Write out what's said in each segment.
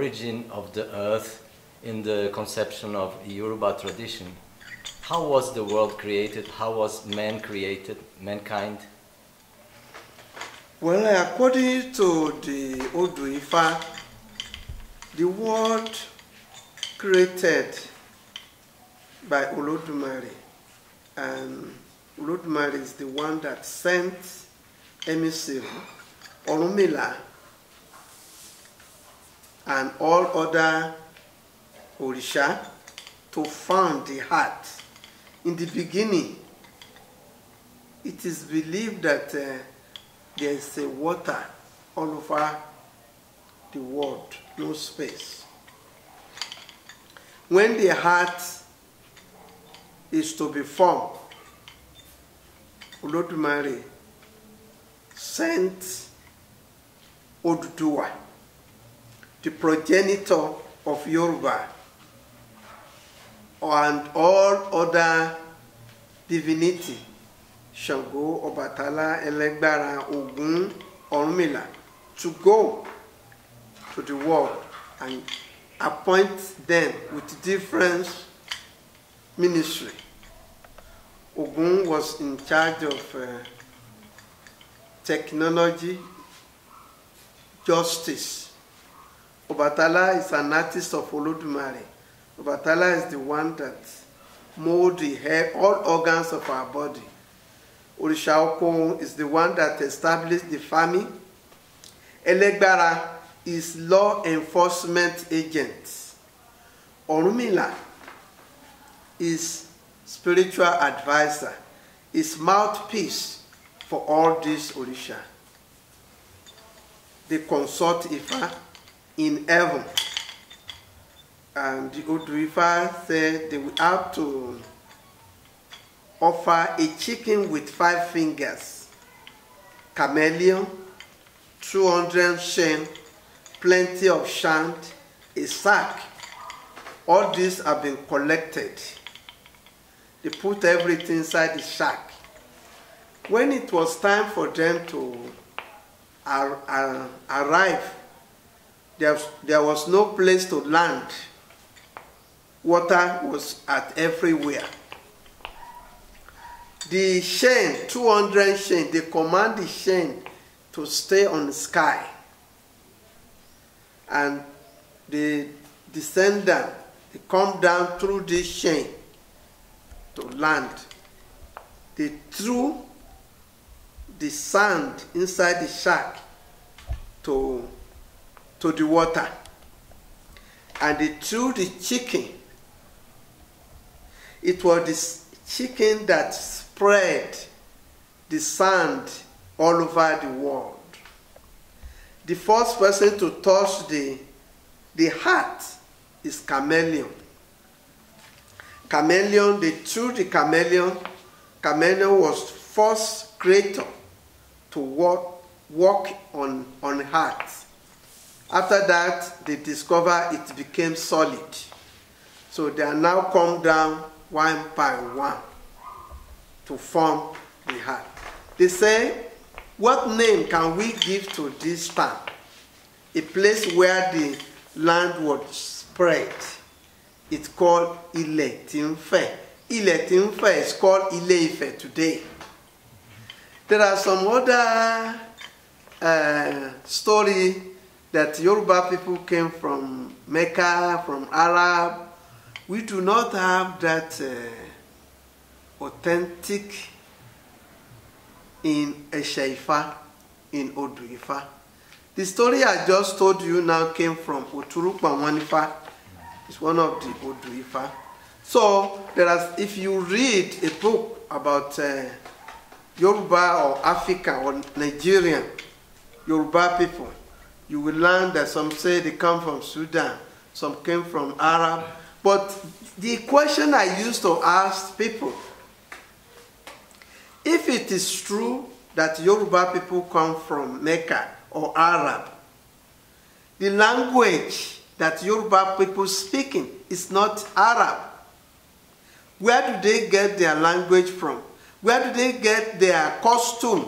origin of the earth in the conception of Yoruba tradition. How was the world created? How was man created, mankind? Well, according to the Odu Ifa, the world created by Olodumare, and Olodumare is the one that sent emissary Orunmila and all other Orisha to found the heart. In the beginning, it is believed that uh, there is a water all over the world, no space. When the heart is to be formed, Olodumare sent Oduduwa the progenitor of Yoruba and all other divinity, go Obatala, Elegbara, Ogun, Orunmila, to go to the world and appoint them with different ministry. Ogun was in charge of uh, technology, justice, Obatala is an artist of Olodumare. Obatala is the one that molds the hair, all organs of our body. Òrìṣà Okon is the one that established the family. Elegbara is law enforcement agent. Orunmila is spiritual advisor, is mouthpiece for all these Òrìṣà. They consult ifa. in heaven. And the old river said they will have to offer a chicken with five fingers, chameleon, 200 shen, plenty of shant, a sack. All these have been collected. They put everything inside the sack. When it was time for them to arrive there, there was no place to land. Water was at everywhere. The chain, 200 chain, they command the chain to stay on the sky. And they descend down, they come down through this chain to land. They threw the sand inside the shack to to the water and they threw the chicken. It was the chicken that spread the sand all over the world. The first person to touch the, the heart is chameleon. Chameleon, they threw the chameleon. Chameleon was first creator to walk, walk on, on heart. After that, they discover it became solid. So they are now come down one by one to form the heart. They say, what name can we give to this town? A place where the land was spread. It's called Iletinfe. Iletinfe is called Ileife today. There are some other uh, story that Yoruba people came from Mecca, from Arab. We do not have that uh, authentic in Eshaifa, in Oduifa. The story I just told you now came from Oturukpawanifa. It's one of the Oduifa. So, there is, if you read a book about uh, Yoruba or Africa or Nigerian Yoruba people, you will learn that some say they come from Sudan, some came from Arab. But the question I used to ask people if it is true that Yoruba people come from Mecca or Arab, the language that Yoruba people speaking is not Arab. Where do they get their language from? Where do they get their costume?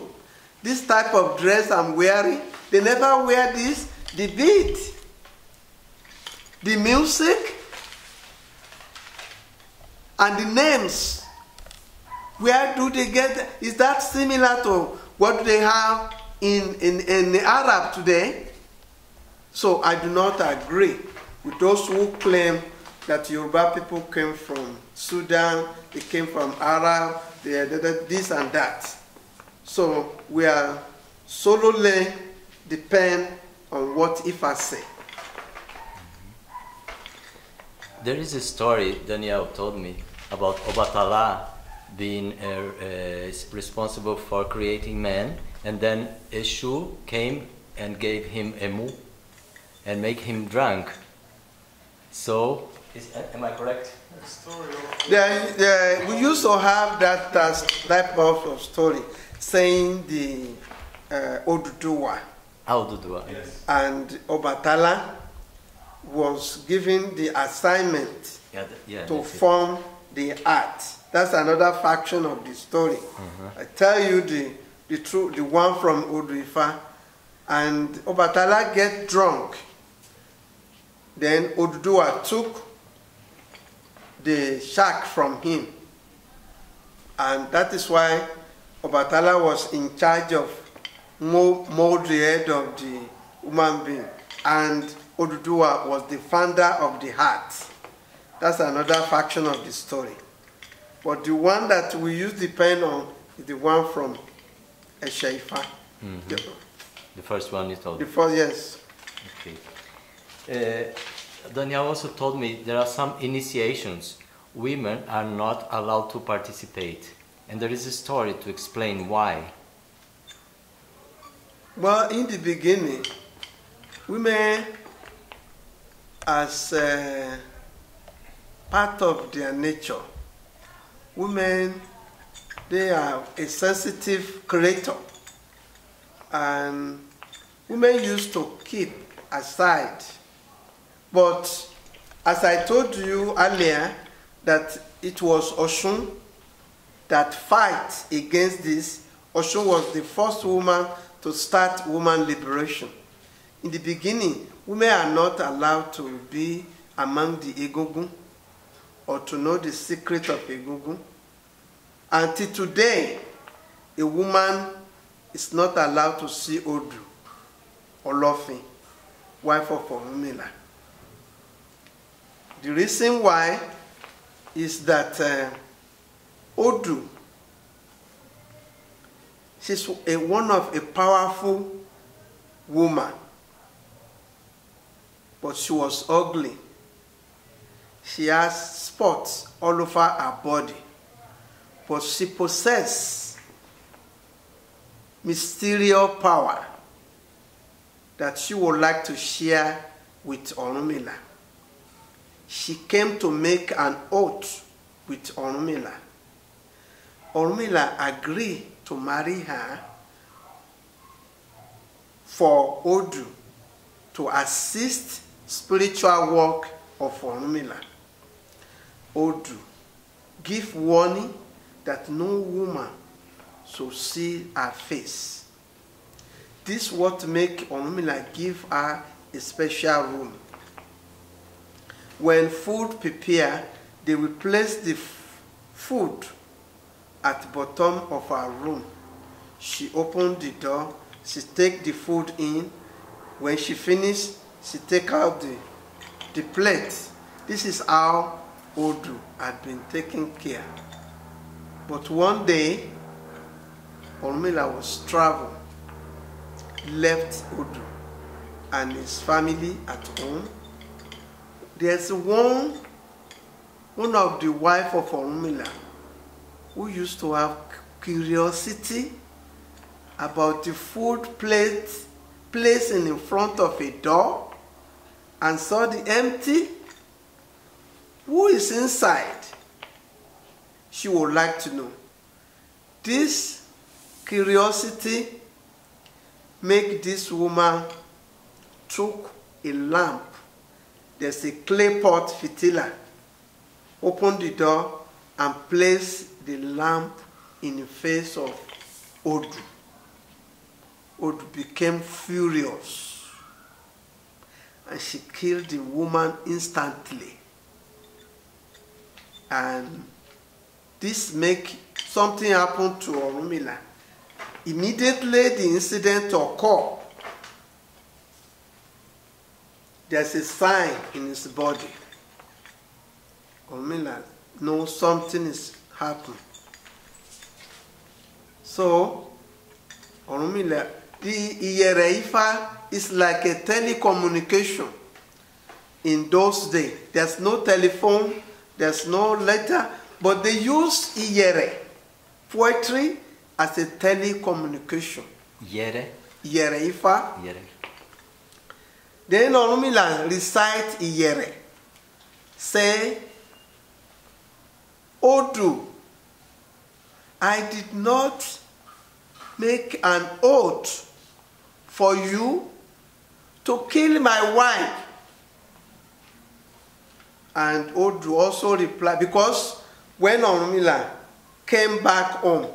This type of dress I'm wearing, they never wear this. The beat, the music, and the names. Where do they get? Is that similar to what they have in, in, in the Arab today? So I do not agree with those who claim that Yoruba people came from Sudan, they came from Arab, they, they, this and that. So we are solely depend on what if I say. There is a story Daniel told me about Obatala being uh, uh, responsible for creating man, and then Eshu came and gave him emu and make him drunk. So, is, am I correct? Yeah, yeah, we used to have that, that uh, type of, story, saying the uh, Oduduwa Al Yes. And Obatala was given the assignment yeah, the, yeah, to form it. the art. That's another faction of the story. Mm-hmm. I tell you the the true the one from Oduifa, and Obatala get drunk. Then Odudua took the shark from him, and that is why Obatala was in charge of mold the head of the human being. And Oduduwa was the founder of the heart. That's another faction of the story. But the one that we use the pen on is the one from Eshaifa. Mm -hmm. the, the, first one you told The first, yes. Okay. Uh, Daniel also told me there are some initiations. Women are not allowed to participate. And there is a story to explain why. Well, in the beginning, women, as uh, part of their nature, women, they are a sensitive creator. And women used to keep aside. But as I told you earlier, that it was Oshun that fight against this. Oshun was the first woman to start woman liberation. In the beginning, women are not allowed to be among the egogun, or to know the secret of egogun. Until today, a woman is not allowed to see Odu, or Olofin, wife of Orunmila. The reason why is that uh, Odu She's a, one of a powerful woman. But she was ugly. She has spots all over her body. But she possessed mysterious power that she would like to share with Onomila. She came to make an oath with Onomila. Ormila agreed to marry her for Odu to assist spiritual work of Ormila. Odu give warning that no woman should see her face. This what make Ormila give her a special room. When food prepare, they will place the food at bottom of her room. She opened the door, she take the food in. When she finished, she take out the, the plate. This is how Odu had been taking care. But one day, Ormila was travel, left Odu and his family at home. There's one, one of the wife of Ormila who used to have curiosity about the food plate placed in front of a door and saw the empty? Who is inside? She would like to know. This curiosity make this woman took a lamp. There's a clay pot fitila. Open the door and place the lamp in the face of Odu. Odu became furious and she killed the woman instantly. And this make something happen to Orumila. Immediately the incident occurred. There's a sign in his body. Orumila knows something is happen. So, Orunmila, the Iyereifa is like a telecommunication in those days. There's no telephone, there's no letter, but they used Iyere, poetry, as a telecommunication. Yere. Yereifa. Yere. Then Orunmila recite Iyere. Say Odu. I did not make an oath for you to kill my wife. And Odu also replied, because when Orunmila came back home,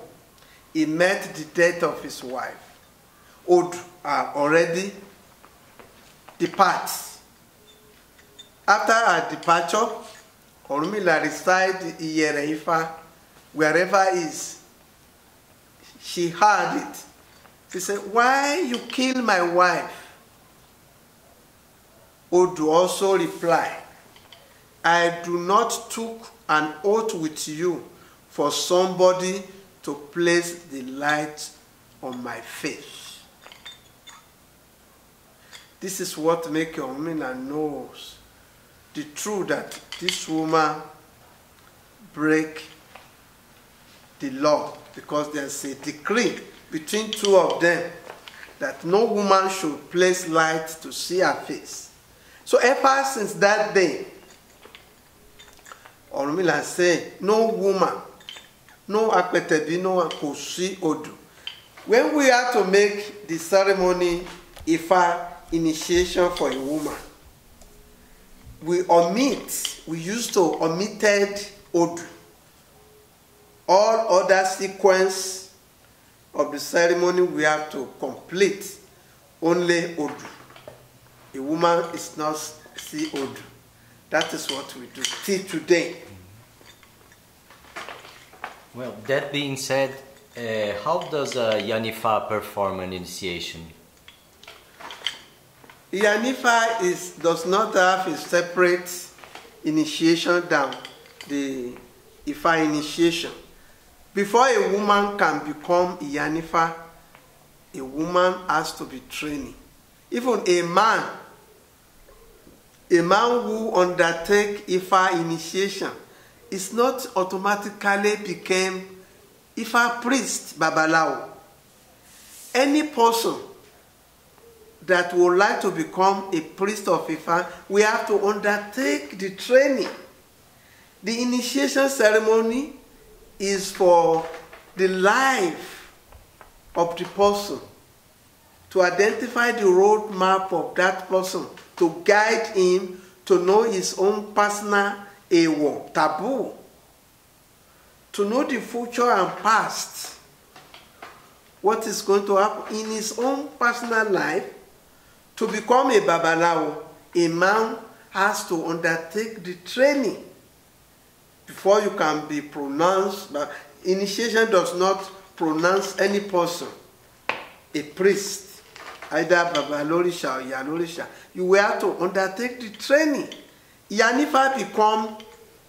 he met the death of his wife. Odu had already departs. After her departure, Orunmila in Yereifa, wherever is. She heard it. She said, Why you kill my wife? Odu also replied, I do not took an oath with you for somebody to place the light on my face. This is what make Mekiomina knows the truth that this woman break the law because there's a decree between two of them that no woman should place light to see her face. So ever since that day, Ọ̀rúnmìlà said, no woman, no akwetebi, no kò odù. When we are to make the ceremony Ifa initiation for a woman, we omit, we used to omitted Odu. All other sequence of the ceremony we have to complete only Odu. A woman is not see Odu. That is what we do till today. Well, that being said, uh, how does a Yanifa perform an initiation? Yanifa is, does not have a separate initiation than the Ifa initiation. Before a woman can become Yanifa, a woman has to be training. Even a man, a man who undertake Ifa initiation is not automatically became Ifa priest, Babalawo. Any person that would like to become a priest of Ifa, we have to undertake the training. The initiation ceremony is for the life of the person, to identify the roadmap of that person, to guide him to know his own personal awo taboo, to know the future and past, what is going to happen in his own personal life, to become a babalawo, a man has to undertake the training before you can be pronounced. But initiation does not pronounce any person, a priest, either babalorisha or yalorisha. You will have to undertake the training. Yanifa become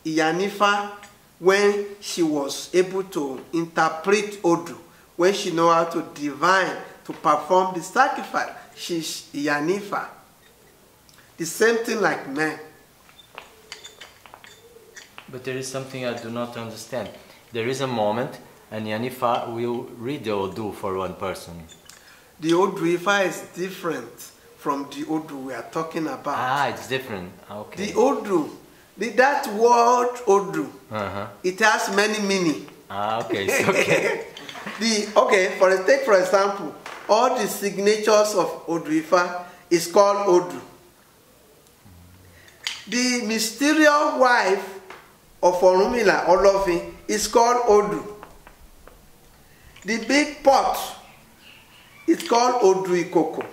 Yanifa when she was able to interpret Odu, when she know how to divine, to perform the sacrifice she's Yanifa. The same thing like men. But there is something I do not understand. There is a moment and Yanifa will read the Odu for one person. The Oduifa is different from the Odu we are talking about. Ah, it's different. Ah, okay. The Odu, the, that word Odu, uh -huh. it has many meaning. Ah, okay, it's okay. the, okay, for, take for example, all the signatures of Odrifa is called Odu. The mysterious wife of Orumila Olofin is called Odu. The big pot is called Odru Ikoko.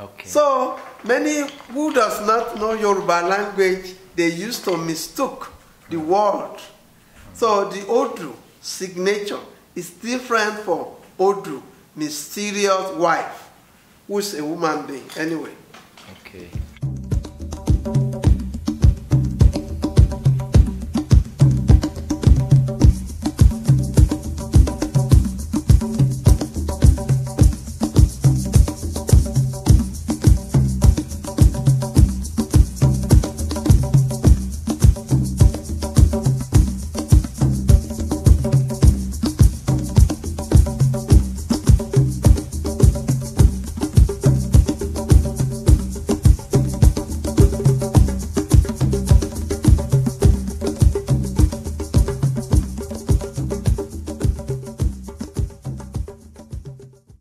Okay. So many who does not know Yoruba language, they used to mistook the word. So the Odu signature is different from Odu mysterious wife, who's a woman being, anyway. Okay.